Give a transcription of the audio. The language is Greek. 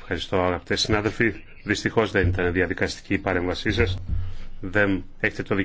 Ευχαριστώ αγαπητέ συνάδελφοι. Δυστυχώς δεν ήταν διαδικαστική η παρέμβασή σας. Δεν έχετε το δικαίωμα.